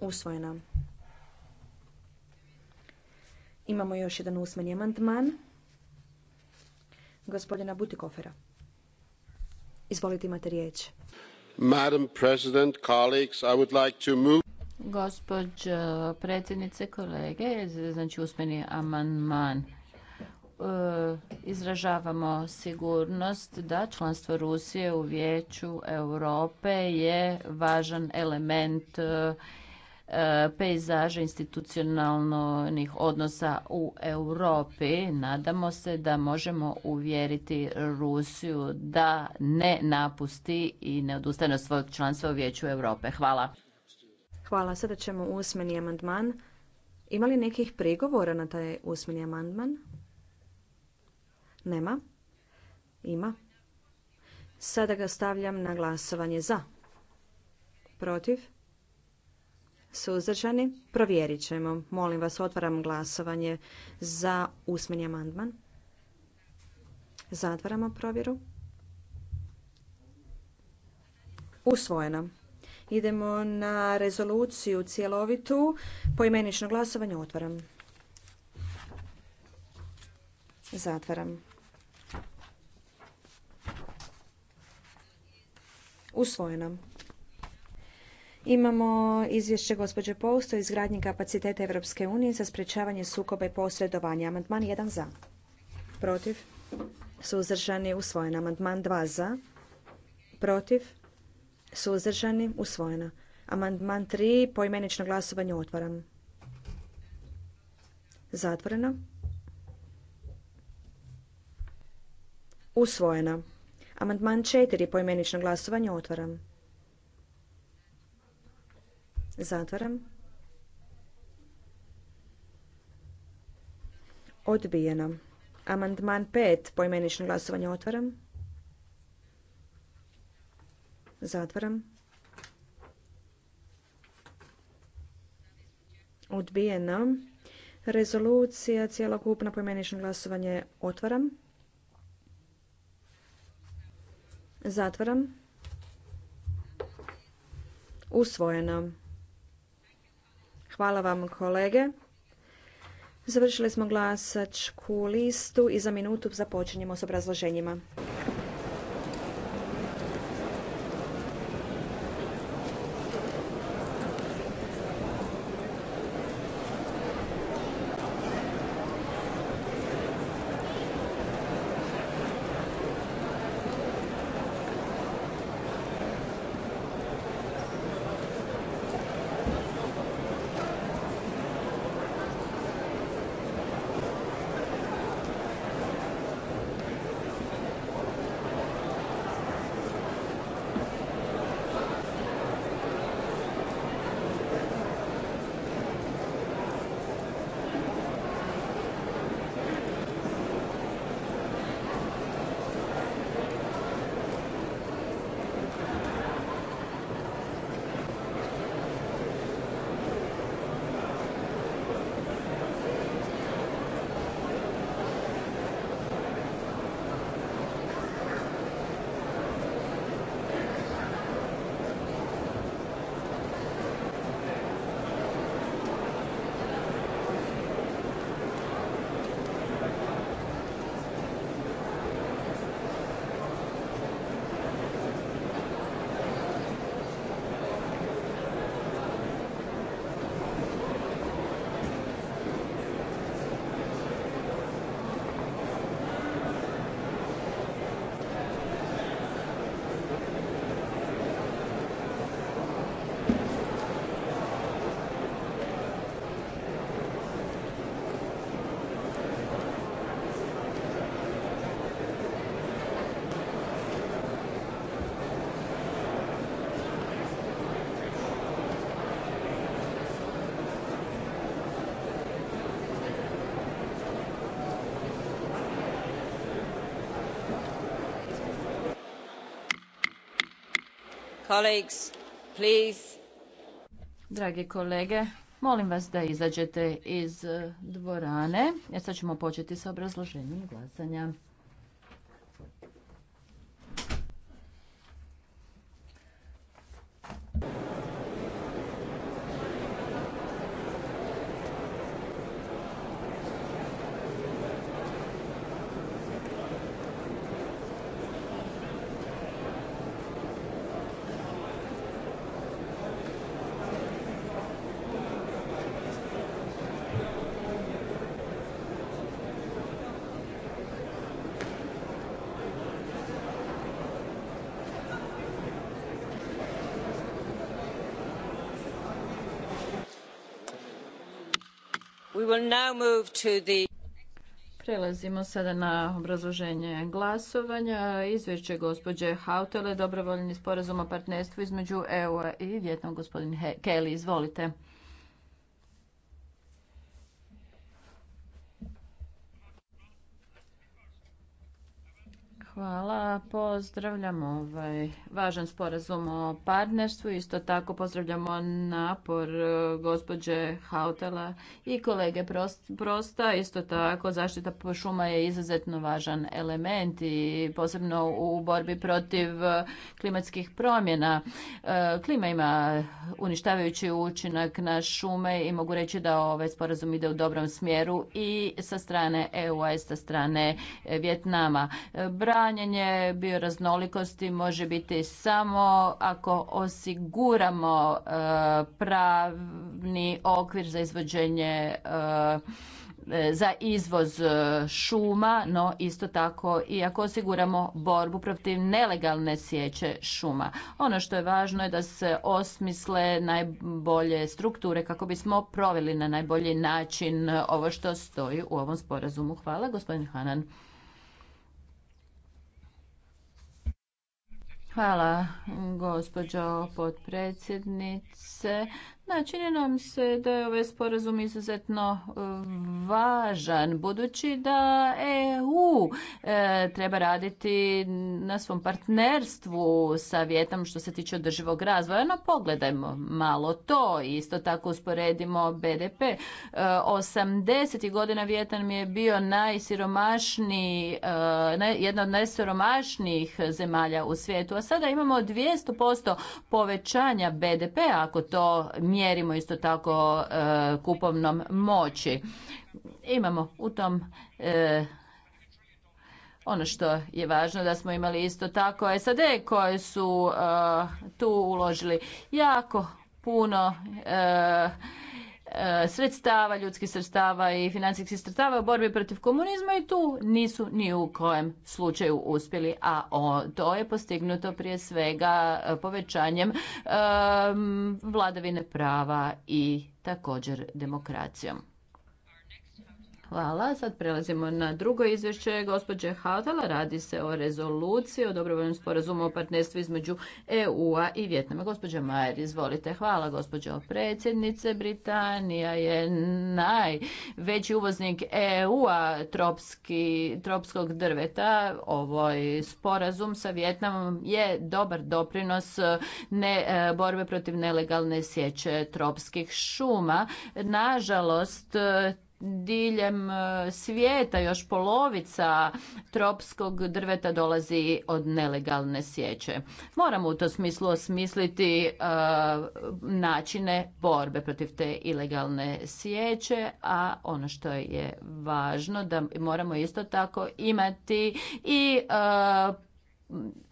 Usvojena. Imamo još jedan usmeni amandman. Gospodina Butikofera. Izvolite, imate riječ. Madam President, colleagues, I would like to move... predsjednice, kolege, znači usmeni amandman e, izražavamo sigurnost da članstvo Rusije u Vijeću Europe je važan element pejzaža institucionalnih odnosa u Europi. Nadamo se da možemo uvjeriti Rusiju da ne napusti i ne odustane od svog članstva u Vijeću Europe. Hvala. Hvala. Sada ćemo usmeni amandman. Ima li nekih prigovora na taj usmeni amandman? Nema. Ima. Sada ga stavljam na glasovanje za. Protiv? Suzdržani? Provjerit ćemo. Molim vas, otvaram glasovanje za usmeni amandman. Zatvaramo provjeru. Usvojeno. Idemo na rezoluciju cjelovitu. Poimenično glasovanje otvaram. Zatvaram. Usvojeno. Imamo izvješće gospođe Pousto izgradnji kapaciteta Europske unije za sprečavanje sukoba i posredovanja. Amandman 1 za. Protiv. Suzdržani usvojen. Amandman 2 za. Protiv. Suzdržani usvojena. Amandman 3 poimenično glasovanje otvaram. Zatvoreno. Usvojena. Amandman 4 poimenično glasovanje otvaram. Zatvaram. Odbijeno. Amandman 5. Poimenično glasovanje otvaram. Zatvaram. Odbijeno. Rezolucija cjelokupno poimenično glasovanje otvaram. Zatvaram. Usvojeno. Hvala vam kolege. Završili smo glasačku listu i za minutu započinjemo s obrazloženjima. Drage Dragi kolege, molim vas da izađete iz dvorane. jer sad ćemo početi sa obrazloženjem glasanja. Prelazimo sada na obrazloženje glasovanja. Izvješće gospođe Hautele, dobrovoljni sporazum o partnerstvu između EU i vjetnog gospodin Kelly. Izvolite. Hvala. Pozdravljam ovaj važan sporazum o partnerstvu. Isto tako pozdravljamo napor e, gospođe Hautela i kolege Prosta. Isto tako zaštita šuma je izuzetno važan element i posebno u borbi protiv klimatskih promjena. E, klima ima uništavajući učinak na šume i mogu reći da ovaj sporazum ide u dobrom smjeru i sa strane EU-a i sa strane Vjetnama. E, bra hranjenje bioraznolikosti može biti samo ako osiguramo e, pravni okvir za izvođenje e, e, za izvoz šuma, no isto tako i ako osiguramo borbu protiv nelegalne sjeće šuma. Ono što je važno je da se osmisle najbolje strukture kako bismo proveli na najbolji način ovo što stoji u ovom sporazumu. Hvala, gospodin Hanan. Hvala, gospođo potpredsjednice. Da, čini nam se da je ovaj sporazum izuzetno e, važan, budući da EU e, treba raditi na svom partnerstvu sa Vjetom što se tiče održivog razvoja. No, pogledajmo malo to. Isto tako usporedimo BDP. 80. E, godina Vjetan je bio najsiromašniji, jedna od najsiromašnijih zemalja u svijetu, a sada imamo 200% povećanja BDP, ako to mjerimo isto tako e, kupovnom moći. Imamo u tom e, ono što je važno da smo imali isto tako SAD koje su e, tu uložili jako puno E, sredstava, ljudskih sredstava i financijskih sredstava u borbi protiv komunizma i tu nisu ni u kojem slučaju uspjeli, a to je postignuto prije svega e, povećanjem e, vladavine prava i također demokracijom. Hvala. Sad prelazimo na drugo izvješće gospođe Hautala. Radi se o rezoluciji o dobrovoljnom sporazumu o partnerstvu između EU-a i Vjetnama. Gospođa Majer, izvolite. Hvala gospođo predsjednice. Britanija je najveći uvoznik EU-a tropskog drveta. Ovoj sporazum sa Vjetnamom je dobar doprinos ne, e, borbe protiv nelegalne sjeće tropskih šuma. Nažalost, diljem e, svijeta još polovica tropskog drveta dolazi od nelegalne sječe. Moramo u to smislu osmisliti e, načine borbe protiv te ilegalne sječe, a ono što je važno da moramo isto tako imati i e,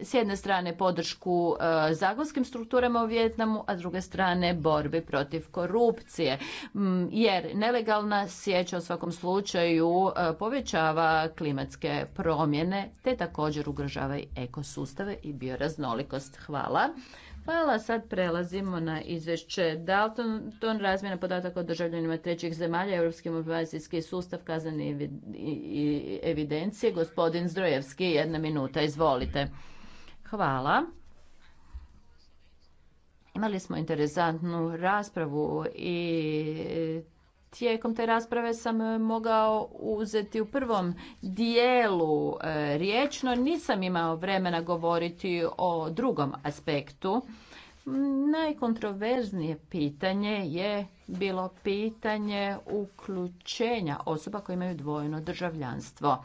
s jedne strane podršku e, zagonskim strukturama u Vjetnamu, a s druge strane borbi protiv korupcije. Mm, jer nelegalna sjeća u svakom slučaju e, povećava klimatske promjene te također ugrožava i ekosustave i bioraznolikost. Hvala. Hvala, sad prelazimo na izvješće Dalton, ton razmjena podataka o državljanima trećih zemalja, Europski mobilizacijski sustav i evidencije. Gospodin Zdrojevski, jedna minuta, izvolite. Hvala. Imali smo interesantnu raspravu i tijekom te rasprave sam e, mogao uzeti u prvom dijelu e, riječno. Nisam imao vremena govoriti o drugom aspektu. Najkontroverznije pitanje je bilo pitanje uključenja osoba koje imaju dvojno državljanstvo.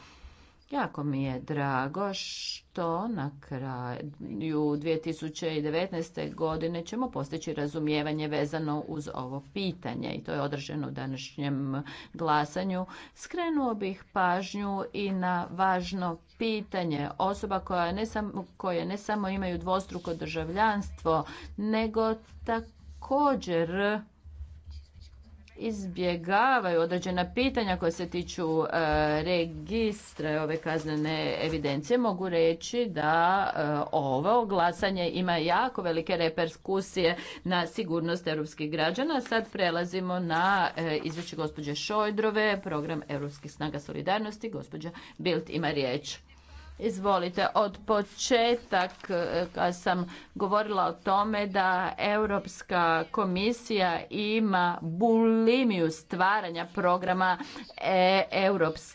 Jako mi je drago što na kraju 2019. godine ćemo postići razumijevanje vezano uz ovo pitanje i to je održeno u današnjem glasanju. Skrenuo bih pažnju i na važno pitanje osoba koja ne samo, koje ne samo imaju dvostruko državljanstvo, nego također izbjegavaju određena pitanja koja se tiču e, registra ove kaznene evidencije mogu reći da e, ovo glasanje ima jako velike reperkusije na sigurnost europskih građana. Sad prelazimo na e, izvješće gospođe Šojdrove, program europskih snaga solidarnosti. Gospođa Bilt ima riječ. Izvolite, od početak kad e, sam govorila o tome da Europska komisija ima bulimiju stvaranja programa e,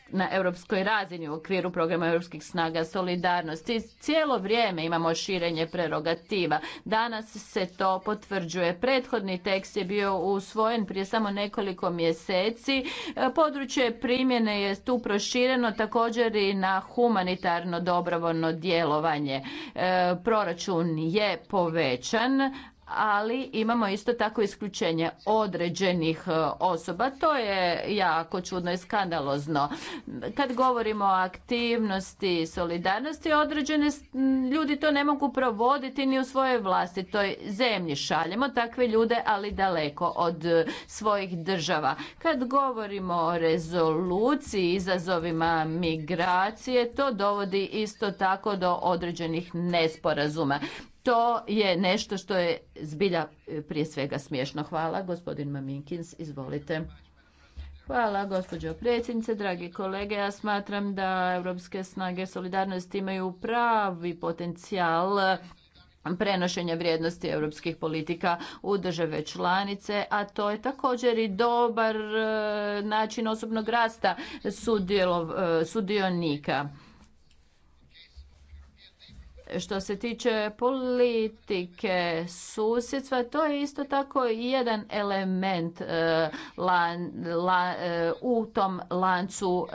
na europskoj razini u okviru programa europskih snaga solidarnosti. Cijelo vrijeme imamo širenje prerogativa. Danas se to potvrđuje. Prethodni tekst je bio usvojen prije samo nekoliko mjeseci. E, područje primjene je tu prošireno također i na humanitarno dobrovoljno djelovanje. E, proračun je povećan, ali imamo isto tako isključenje određenih e, osoba. To je jako čudno i skandalozno. Kad govorimo o aktivnosti i solidarnosti, određene ljudi to ne mogu provoditi ni u svojoj je zemlji. Šaljemo takve ljude, ali daleko od e, svojih država. Kad govorimo o rezoluciji izazovima migracije, to dovodi isto tako do određenih nesporazuma to je nešto što je zbilja e, prije svega smiješno. Hvala, gospodin Maminkins, izvolite. Hvala, gospođo predsjednice, dragi kolege. Ja smatram da Europske snage solidarnosti imaju pravi potencijal prenošenja vrijednosti europskih politika u države članice, a to je također i dobar e, način osobnog rasta e, sudionika. Što se tiče politike susjedstva, to je isto tako jedan element e, la, e, u tom lancu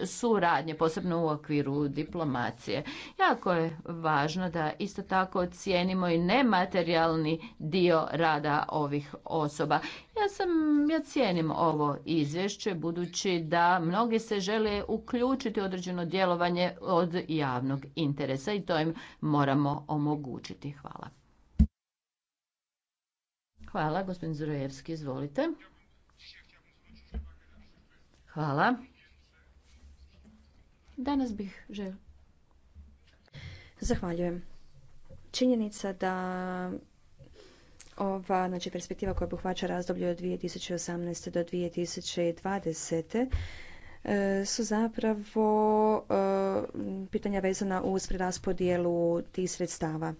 e, suradnje, posebno u okviru diplomacije. Jako je važno da isto tako cijenimo i nematerijalni dio rada ovih osoba. Ja sam, ja cijenim ovo izvješće budući da mnogi se žele uključiti u određeno djelovanje od javnog interesa i to to moramo omogućiti. Hvala. Hvala, gospodin Zurojevski, izvolite. Hvala. Danas bih želio. Zahvaljujem. Činjenica da ova znači perspektiva koja obuhvaća razdoblje od 2018. do 2020 E, su zapravo e, pitanja vezana uz preraspodjelu tih sredstava.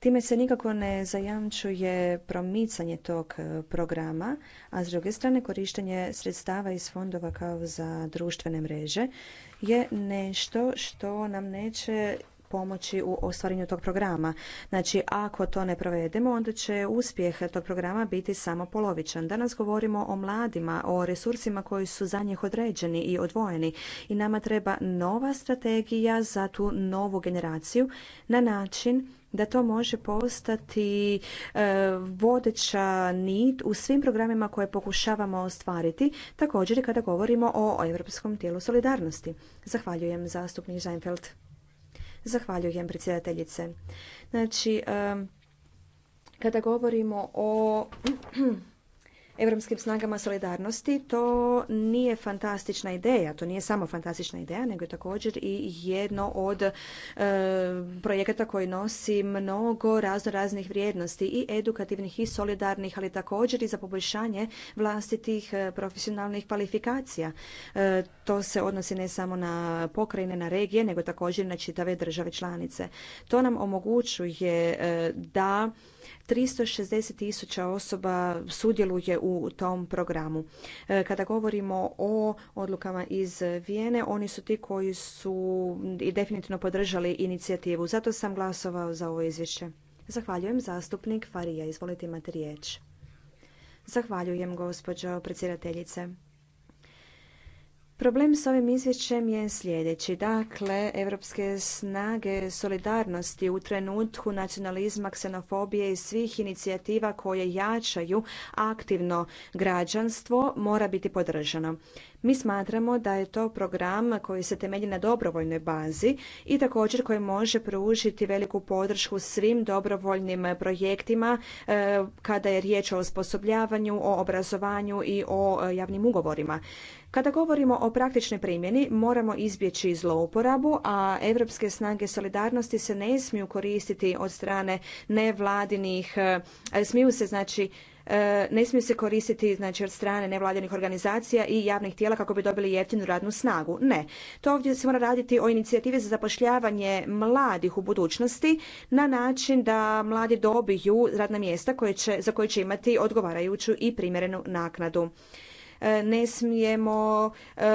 Time se nikako ne zajamčuje promicanje tog e, programa, a s druge strane korištenje sredstava iz fondova kao za društvene mreže je nešto što nam neće pomoći u ostvarenju tog programa. Znači, ako to ne provedemo, onda će uspjeh tog programa biti samo polovičan. Danas govorimo o mladima, o resursima koji su za njih određeni i odvojeni i nama treba nova strategija za tu novu generaciju na način da to može postati e, vodeća nit u svim programima koje pokušavamo ostvariti, također i kada govorimo o Europskom tijelu solidarnosti. Zahvaljujem zastupnik Zeinfeld. Zahvaljujem predsjedateljice. Znači, kada govorimo o Evropskim snagama solidarnosti. To nije fantastična ideja, to nije samo fantastična ideja, nego je također i jedno od e, projekata koji nosi mnogo razno raznih vrijednosti i edukativnih i solidarnih, ali također i za poboljšanje vlastitih e, profesionalnih kvalifikacija. E, to se odnosi ne samo na pokrajine, na regije, nego također i na čitave države članice. To nam omogućuje da 360 tisuća osoba sudjeluje u tom programu. E, kada govorimo o odlukama iz Vijene, oni su ti koji su i definitivno podržali inicijativu. Zato sam glasovao za ovo izvješće. Zahvaljujem zastupnik Farija. Izvolite imati riječ. Zahvaljujem gospođo predsjedateljice. Problem s ovim izvješćem je sljedeći. Dakle, evropske snage solidarnosti u trenutku nacionalizma, ksenofobije i svih inicijativa koje jačaju aktivno građanstvo mora biti podržano. Mi smatramo da je to program koji se temelji na dobrovoljnoj bazi i također koji može pružiti veliku podršku svim dobrovoljnim projektima e, kada je riječ o osposobljavanju, o obrazovanju i o e, javnim ugovorima. Kada govorimo o praktičnoj primjeni, moramo izbjeći zlouporabu, a evropske snage solidarnosti se ne smiju koristiti od strane nevladinih, e, smiju se znači E, ne smiju se koristiti znači od strane nevladinih organizacija i javnih tijela kako bi dobili jeftinu radnu snagu. Ne. To ovdje se mora raditi o inicijativi za zapošljavanje mladih u budućnosti na način da mladi dobiju radna mjesta koje će, za koje će imati odgovarajuću i primjerenu naknadu e, ne smijemo e,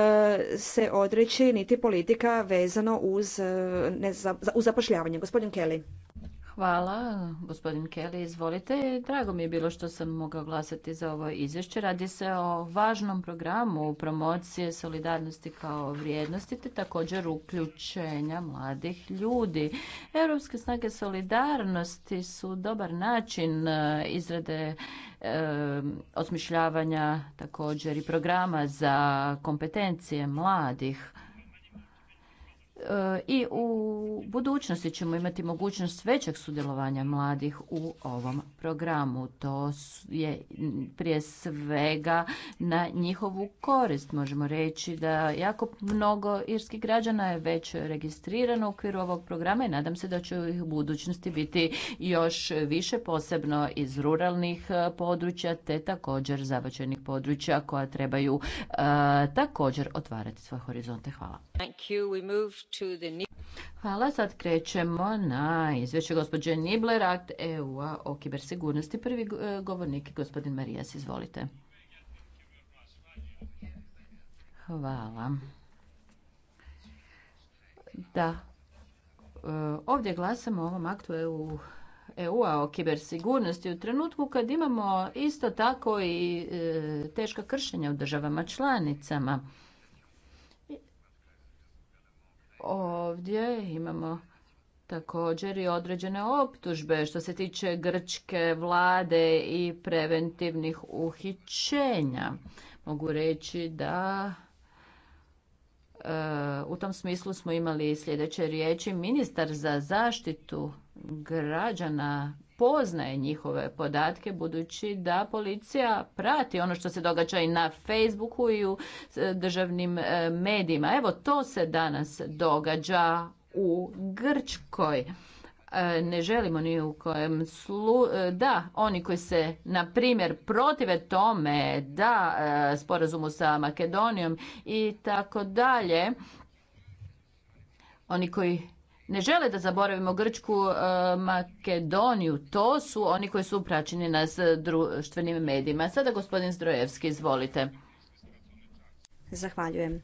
se odreći niti politika vezano uz, uz zapošljavanje. Gospodin Kelly. Hvala, gospodin Kelly, izvolite. Drago mi je bilo što sam mogao glasati za ovo izvješće. Radi se o važnom programu promocije solidarnosti kao vrijednosti te također uključenja mladih ljudi. Europske snage solidarnosti su dobar način e, izrade e, osmišljavanja također i programa za kompetencije mladih i u budućnosti ćemo imati mogućnost većeg sudjelovanja mladih u ovom programu. To je prije svega na njihovu korist. Možemo reći da jako mnogo irskih građana je već registrirano u okviru ovog programa i nadam se da će ih u budućnosti biti još više posebno iz ruralnih e, područja te također zabačenih područja koja trebaju e, također otvarati svoje horizonte. Hvala. Thank you. We Hvala, sad krećemo na izvješće gospođe Nibler, akt EU-a o kibersigurnosti. Prvi e, govornik je gospodin Marijas, izvolite. Hvala. Da, e, ovdje glasamo o ovom aktu EU EU-a o kibersigurnosti u trenutku kad imamo isto tako i e, teška kršenja u državama članicama ovdje imamo također i određene optužbe što se tiče grčke vlade i preventivnih uhićenja. Mogu reći da e, u tom smislu smo imali sljedeće riječi. Ministar za zaštitu građana poznaje njihove podatke budući da policija prati ono što se događa i na Facebooku i u državnim e, medijima. Evo to se danas događa u Grčkoj e, ne želimo ni u kojem slu... E, da, oni koji se, na primjer, protive tome da sporazumu sa Makedonijom i tako dalje, oni koji ne žele da zaboravimo Grčku, e, Makedoniju. To su oni koji su upraćeni nas društvenim medijima. Sada gospodin Zdrojevski, izvolite. Zahvaljujem.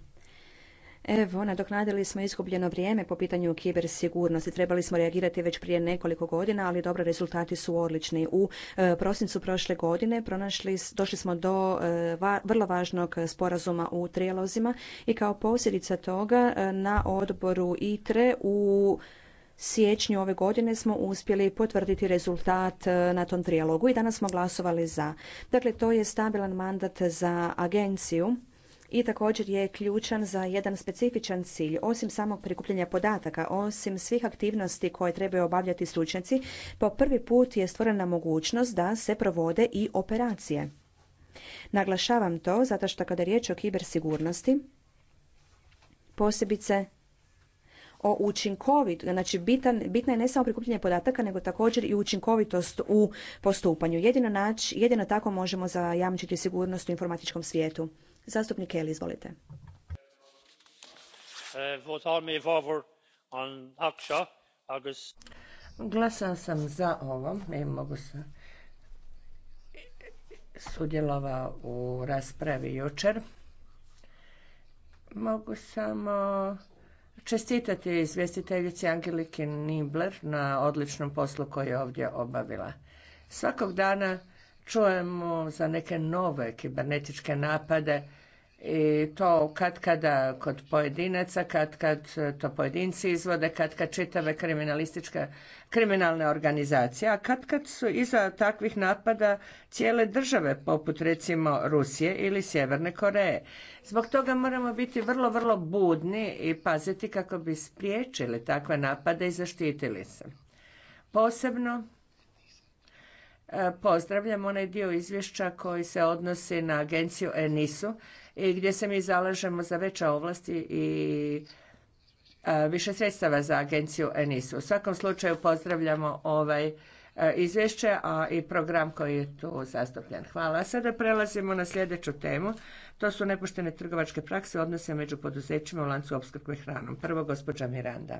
Evo, nadoknadili smo izgubljeno vrijeme po pitanju kibersigurnosti. Trebali smo reagirati već prije nekoliko godina, ali dobro, rezultati su odlični. U e, prosincu prošle godine pronašli, došli smo do e, vrlo važnog sporazuma u trijalozima i kao posljedica toga e, na odboru ITRE u siječnju ove godine smo uspjeli potvrditi rezultat na tom trijalogu i danas smo glasovali za. Dakle, to je stabilan mandat za agenciju i također je ključan za jedan specifičan cilj. Osim samog prikupljanja podataka, osim svih aktivnosti koje trebaju obavljati stručnjaci, po prvi put je stvorena mogućnost da se provode i operacije. Naglašavam to zato što kada je riječ o kibersigurnosti, posebice o učinkovit, znači bitan, bitna je ne samo prikupljanje podataka, nego također i učinkovitost u postupanju. Jedino, nač, jedino tako možemo zajamčiti sigurnost u informatičkom svijetu. Zastupnik Kelly, izvolite. Glasao sam za ovo, i mogu se sudjelovao u raspravi jučer. Mogu samo čestitati izvjestiteljici Angeliki Nibler na odličnom poslu koji je ovdje obavila. Svakog dana čujemo za neke nove kibernetičke napade i to kad kada kod pojedinaca, kad kad to pojedinci izvode, kad kad čitave kriminalističke, kriminalne organizacije, a kad kad su iza takvih napada cijele države poput recimo Rusije ili Sjeverne Koreje. Zbog toga moramo biti vrlo, vrlo budni i paziti kako bi spriječili takve napade i zaštitili se. Posebno E, pozdravljam onaj dio izvješća koji se odnosi na agenciju ENISU i gdje se mi zalažemo za veće ovlasti i e, više sredstava za agenciju ENISU. U svakom slučaju pozdravljamo ovaj e, izvješće, a i program koji je tu zastupljen. Hvala. A sada prelazimo na sljedeću temu. To su nepoštene trgovačke prakse odnose među poduzećima u lancu opskrbe hranom. Prvo, gospođa Miranda.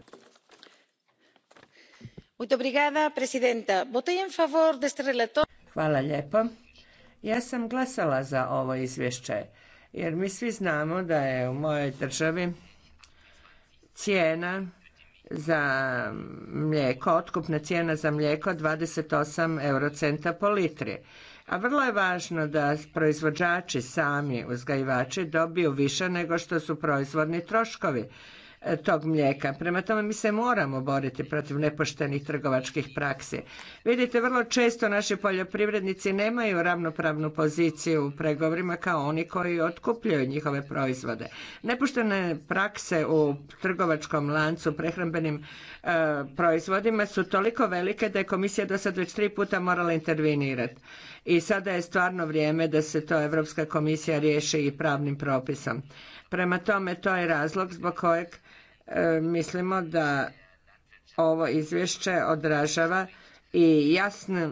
Hvala lijepo. Ja sam glasala za ovo izvješće jer mi svi znamo da je u mojoj državi cijena za mlijeko, otkupna cijena za mlijeko 28 eurocenta po litri. A vrlo je važno da proizvođači sami uzgajivači dobiju više nego što su proizvodni troškovi E, tog mlijeka. Prema tome mi se moramo boriti protiv nepoštenih trgovačkih praksi. Vidite, vrlo često naši poljoprivrednici nemaju ravnopravnu poziciju u pregovorima kao oni koji otkupljuju njihove proizvode. Nepoštene prakse u trgovačkom lancu prehrambenim e, proizvodima su toliko velike da je komisija do sad već tri puta morala intervenirati. I sada je stvarno vrijeme da se to Europska komisija riješi i pravnim propisom. Prema tome, to je razlog zbog kojeg E, mislimo da ovo izvješće odražava i jasne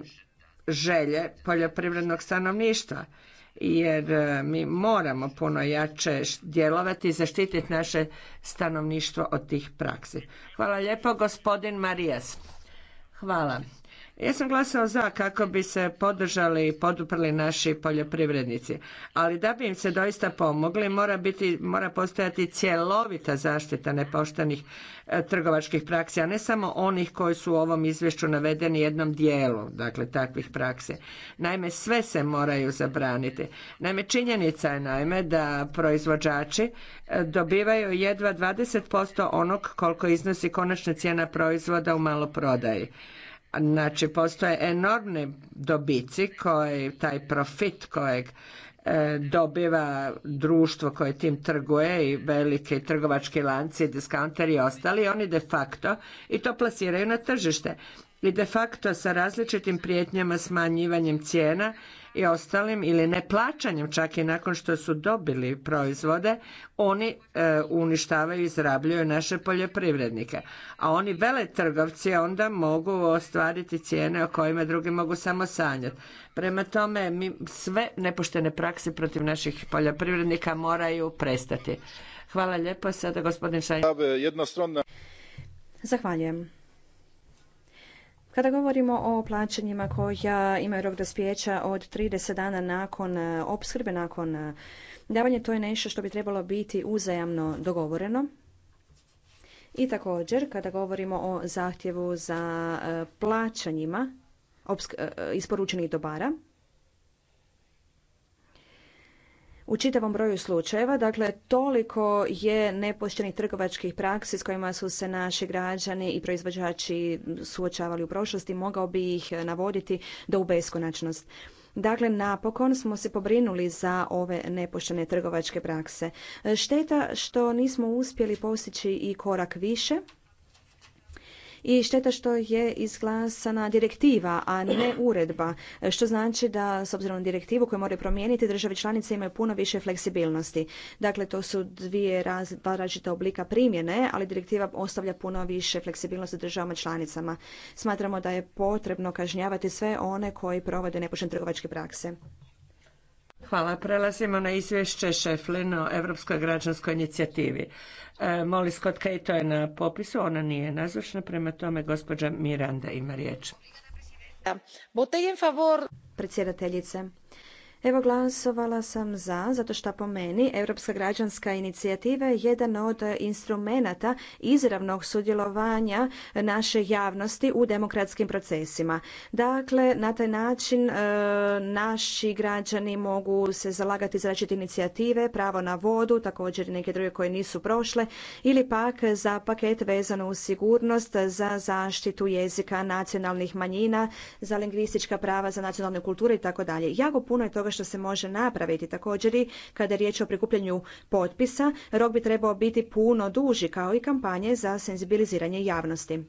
želje poljoprivrednog stanovništva jer e, mi moramo puno jače djelovati i zaštititi naše stanovništvo od tih praksi. Hvala lijepo gospodin Marijas. Hvala. Ja sam glasao za kako bi se podržali i poduprli naši poljoprivrednici, ali da bi im se doista pomogli mora, biti, mora postojati cjelovita zaštita nepoštenih e, trgovačkih praksi, a ne samo onih koji su u ovom izvješću navedeni jednom dijelu, dakle takvih praksi. Naime, sve se moraju zabraniti. Naime, činjenica je naime da proizvođači e, dobivaju jedva 20% onog koliko iznosi konačna cijena proizvoda u maloprodaji. Znači, postoje enormni dobici koji, taj profit kojeg e, dobiva društvo koje tim trguje i velike trgovački lanci, diskanter i ostali, oni de facto i to plasiraju na tržište. I de facto sa različitim prijetnjama smanjivanjem cijena i ostalim ili neplaćanjem čak i nakon što su dobili proizvode oni e, uništavaju i izrabljuju naše poljoprivrednike. A oni veletrgovci onda mogu ostvariti cijene o kojima drugi mogu samo sanjati. Prema tome, mi sve nepoštene prakse protiv naših poljoprivrednika moraju prestati. Hvala lijepo. Sada gospodin Šajn. Zahvaljujem. Kada govorimo o plaćanjima koja imaju rok dospijeća od 30 dana nakon e, opskrbe, nakon e, davanja, to je nešto što bi trebalo biti uzajamno dogovoreno. I također, kada govorimo o zahtjevu za e, plaćanjima isporučenih dobara, u čitavom broju slučajeva. Dakle, toliko je nepoštenih trgovačkih praksi s kojima su se naši građani i proizvođači suočavali u prošlosti. Mogao bi ih navoditi do u beskonačnost. Dakle, napokon smo se pobrinuli za ove nepoštene trgovačke prakse. Šteta što nismo uspjeli postići i korak više i šteta što je izglasana direktiva, a ne uredba, što znači da s obzirom na direktivu koju moraju promijeniti, države članice imaju puno više fleksibilnosti. Dakle, to su dvije dva različita oblika primjene, ali direktiva ostavlja puno više fleksibilnosti državama članicama. Smatramo da je potrebno kažnjavati sve one koji provode nepoštene trgovačke prakse. Hvala. Prelazimo na izvješće Šeflin o Europskoj građanskoj inicijativi. E, Moli Scott Cato je na popisu, ona nije nazočna, prema tome gospođa Miranda ima riječ. Predsjedateljice, Evo glasovala sam za, zato što po meni Europska građanska inicijativa je jedan od e, instrumenata izravnog sudjelovanja naše javnosti u demokratskim procesima. Dakle, na taj način e, naši građani mogu se zalagati za različite inicijative, pravo na vodu, također i neke druge koje nisu prošle, ili pak za paket vezano uz sigurnost, za zaštitu jezika nacionalnih manjina, za lingvistička prava, za nacionalne kulture i tako dalje. Jako puno je toga što se može napraviti. Također i kada je riječ o prikupljanju potpisa, rok bi trebao biti puno duži kao i kampanje za senzibiliziranje javnosti.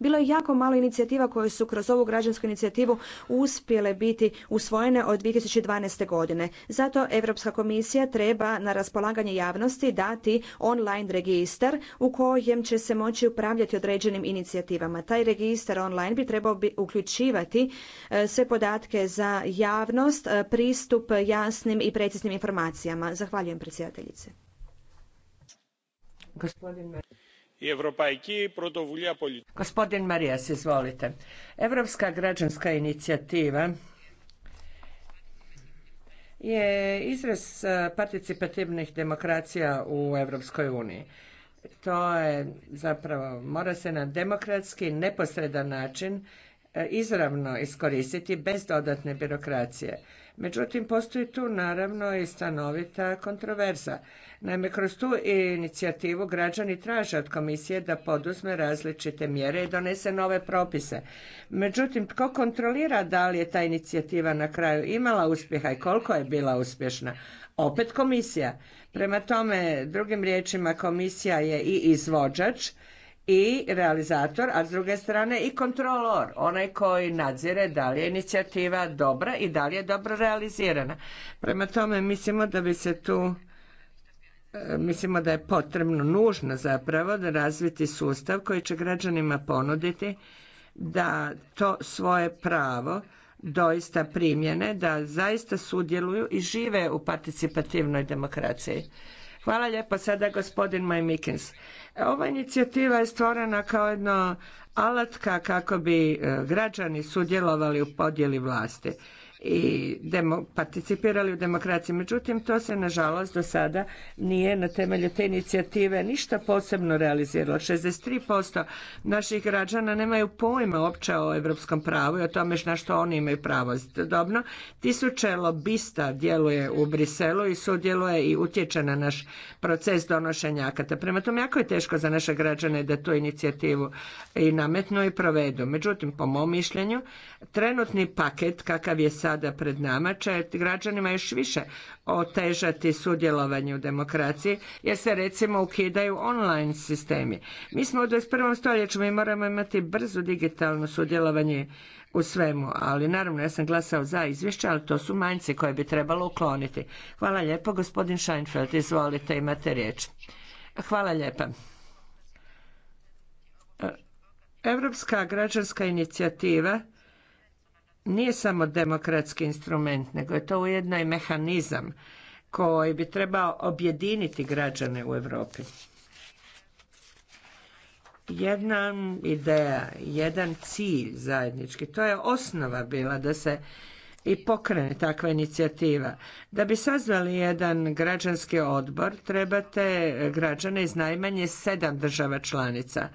Bilo je jako malo inicijativa koje su kroz ovu građansku inicijativu uspjele biti usvojene od 2012. godine. Zato Europska komisija treba na raspolaganje javnosti dati online registar u kojem će se moći upravljati određenim inicijativama. Taj registar online bi trebao bi uključivati e, sve podatke za javnost, e, pristup jasnim i preciznim informacijama. Zahvaljujem predsjedateljice. Gospodin Marijas, izvolite. Europska građanska inicijativa je izraz eh, participativnih demokracija u Europskoj uniji. To je zapravo, mora se na demokratski, neposredan način eh, izravno iskoristiti bez dodatne birokracije. Međutim, postoji tu naravno i stanovita kontroverza. Naime, kroz tu inicijativu građani traže od komisije da poduzme različite mjere i donese nove propise. Međutim, tko kontrolira da li je ta inicijativa na kraju imala uspjeha i koliko je bila uspješna? Opet komisija. Prema tome, drugim riječima, komisija je i izvođač i realizator, a s druge strane i kontrolor, onaj koji nadzire da li je inicijativa dobra i da li je dobro realizirana. Prema tome mislimo da bi se tu e, mislimo da je potrebno, nužno zapravo da razviti sustav koji će građanima ponuditi da to svoje pravo doista primjene, da zaista sudjeluju i žive u participativnoj demokraciji. Hvala lijepo sada gospodin Majmikins. Ova inicijativa je stvorena kao jedna alatka kako bi e, građani sudjelovali u podjeli vlasti i demo, participirali u demokraciji. Međutim, to se nažalost do sada nije na temelju te inicijative ništa posebno realiziralo. 63% naših građana nemaju pojma uopće o europskom pravu i o tome na što oni imaju pravo. Dobno, tisuće lobista djeluje u Briselu i sudjeluje i utječe na naš proces donošenja akata. Prema tome, jako je teško za naše građane da tu inicijativu i nametnu i provedu. Međutim, po mom mišljenju, trenutni paket kakav je sad sada pred nama će građanima još više otežati sudjelovanje u demokraciji jer se recimo ukidaju online sistemi. Mi smo u 21. stoljeću, mi moramo imati brzo digitalno sudjelovanje u svemu, ali naravno ja sam glasao za izvješće, ali to su manjci koje bi trebalo ukloniti. Hvala lijepo, gospodin Scheinfeld, izvolite, imate riječ. Hvala lijepa. Europska građanska inicijativa nije samo demokratski instrument, nego je to ujedno i mehanizam koji bi trebao objediniti građane u Europi. Jedna ideja, jedan cilj zajednički, to je osnova bila da se i pokrene takva inicijativa. Da bi sazvali jedan građanski odbor trebate građane iz najmanje sedam država članica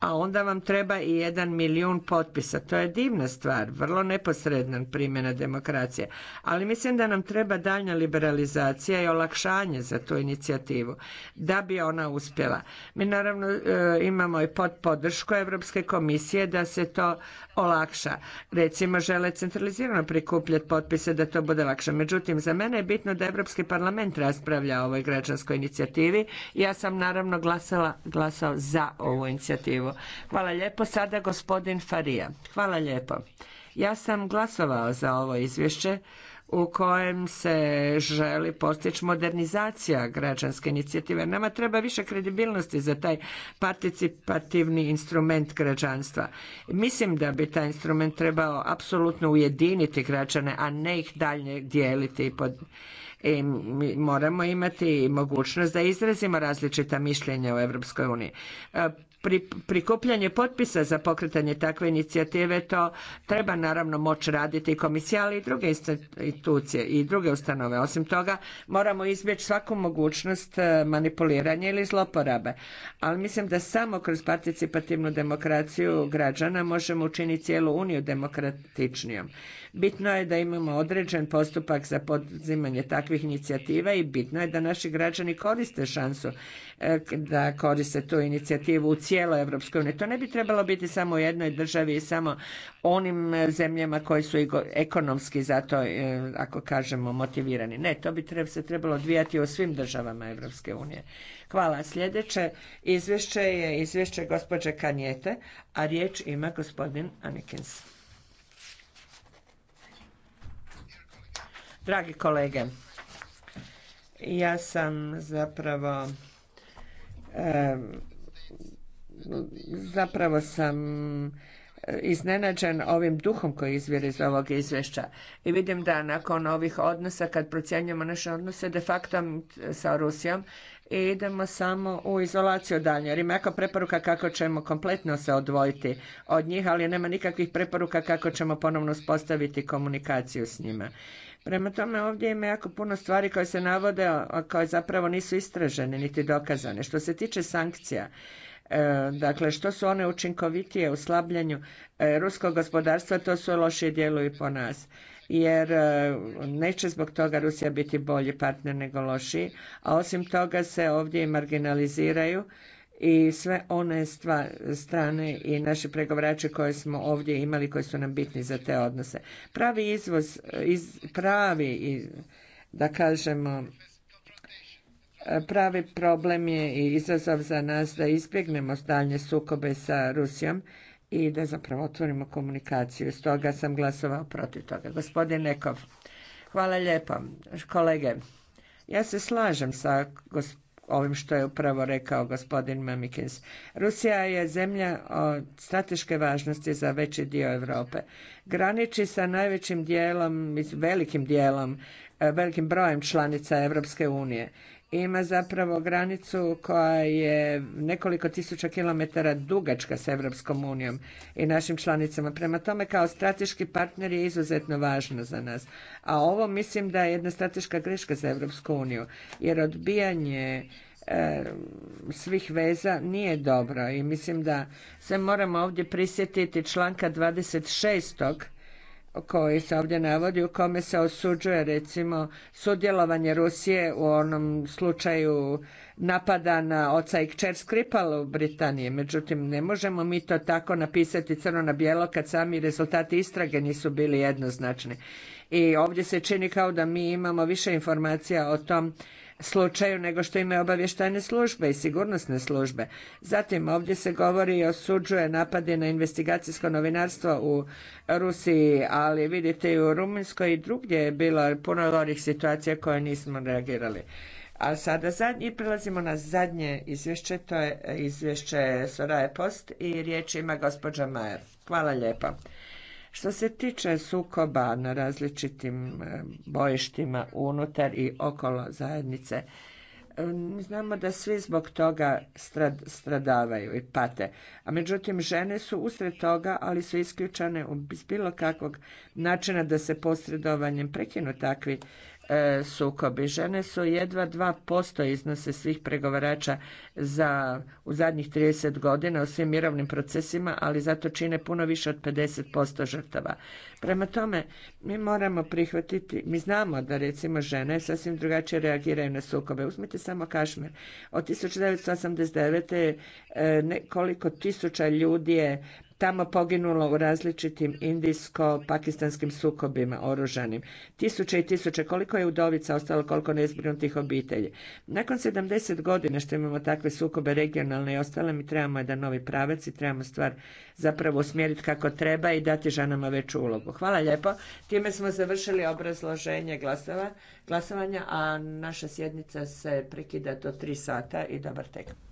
a onda vam treba i jedan milijun potpisa. To je divna stvar, vrlo neposredna primjena demokracije. Ali mislim da nam treba daljnja liberalizacija i olakšanje za tu inicijativu da bi ona uspjela. Mi naravno e, imamo i pod podršku Europske komisije da se to olakša. Recimo žele centralizirano prikupljati potpise da to bude lakše. Međutim, za mene je bitno da Europski parlament raspravlja o ovoj građanskoj inicijativi. Ja sam naravno glasala, glasao za ovu inicijativu. Hvala lijepo. Sada gospodin Farija. Hvala lijepo. Ja sam glasovao za ovo izvješće u kojem se želi postići modernizacija građanske inicijative. Nama treba više kredibilnosti za taj participativni instrument građanstva. Mislim da bi taj instrument trebao apsolutno ujediniti građane, a ne ih dalje dijeliti pod e, moramo imati mogućnost da izrazimo različita mišljenja u Europskoj uniji prikupljanje potpisa za pokretanje takve inicijative to treba naravno moći raditi i komisija ali i druge institucije i druge ustanove. Osim toga moramo izbjeći svaku mogućnost e, manipuliranja ili zloporabe. Ali mislim da samo kroz participativnu demokraciju građana možemo učiniti cijelu uniju demokratičnijom. Bitno je da imamo određen postupak za podzimanje takvih inicijativa i bitno je da naši građani koriste šansu e, da koriste tu inicijativu u cijeloj EU. To ne bi trebalo biti samo u jednoj državi i samo onim e, zemljama koji su ekonomski zato, e, ako kažemo, motivirani. Ne, to bi se trebalo odvijati u svim državama Europske unije. Hvala. Sljedeće izvješće je izvješće gospođe Kanjete, a riječ ima gospodin Anikins. Dragi kolege, ja sam zapravo zapravo sam iznenađen ovim duhom koji izvjeri iz ovog izvješća. I vidim da nakon ovih odnosa, kad procjenjujemo naše odnose de facto sa Rusijom, idemo samo u izolaciju dalje. Jer ima jako preporuka kako ćemo kompletno se odvojiti od njih, ali nema nikakvih preporuka kako ćemo ponovno uspostaviti komunikaciju s njima. Prema tome ovdje ima jako puno stvari koje se navode, a koje zapravo nisu istražene niti dokazane. Što se tiče sankcija, e, dakle što su one učinkovitije u slabljenju e, ruskog gospodarstva, to su loši djelo i po nas jer e, neće zbog toga Rusija biti bolji partner nego lošiji, a osim toga se ovdje i marginaliziraju i sve one strane i naše pregovorače koje smo ovdje imali koji su nam bitni za te odnose. Pravi izvoz, iz, pravi, da kažemo, pravi problem je i izazov za nas da izbjegnemo stalne sukobe sa Rusijom i da zapravo otvorimo komunikaciju. Stoga sam glasovao protiv toga. Gospodin Nekov, hvala lijepo. Kolege, ja se slažem sa gospodinom ovim što je upravo rekao gospodin Mamikins. Rusija je zemlja od strateške važnosti za veći dio Europe. Graniči sa najvećim dijelom, velikim dijelom, e, velikim brojem članica Europske unije ima zapravo granicu koja je nekoliko tisuća kilometara dugačka s Europskom unijom i našim članicama. Prema tome, kao strateški partner je izuzetno važno za nas. A ovo mislim da je jedna strateška greška za Europsku uniju, jer odbijanje e, svih veza nije dobro i mislim da se moramo ovdje prisjetiti članka 26 koji se ovdje navodi u kome se osuđuje recimo sudjelovanje Rusije u onom slučaju napada na oca i kćer Skripal u Britaniji. Međutim, ne možemo mi to tako napisati crno na bijelo kad sami rezultati istrage nisu bili jednoznačni. I ovdje se čini kao da mi imamo više informacija o tom slučaju nego što imaju obavještajne službe i sigurnosne službe. Zatim ovdje se govori i osuđuje napade na investigacijsko novinarstvo u Rusiji, ali vidite i u Rumunjskoj i drugdje je bilo puno gorih situacija koje nismo reagirali. A sada zadnji, prelazimo na zadnje izvješće, to je izvješće Soraje Post i riječ ima gospođa Majer. Hvala lijepo. Što se tiče sukoba na različitim e, bojištima unutar i okolo zajednice, e, znamo da svi zbog toga stradavaju i pate. A međutim, žene su usred toga, ali su isključene iz bilo kakvog načina da se posredovanjem prekinu takvi E, sukobi. Žene su jedva 2% iznose svih pregovarača za, u zadnjih 30 godina u svim mirovnim procesima, ali zato čine puno više od 50% žrtava. Prema tome, mi moramo prihvatiti, mi znamo da recimo žene sasvim drugačije reagiraju na sukobe. Uzmite samo kašmer. Od 1989. E, nekoliko tisuća ljudi je tamo poginulo u različitim indijsko-pakistanskim sukobima oružanim. Tisuće i tisuće, koliko je udovica ostalo, koliko nezbrinutih obitelji. Nakon 70 godina što imamo takve sukobe regionalne i ostale, mi trebamo jedan novi pravac i trebamo stvar zapravo usmjeriti kako treba i dati ženama veću ulogu. Hvala lijepo. Time smo završili obrazloženje glasova, glasovanja, a naša sjednica se prekida do 3 sata i dobar tek.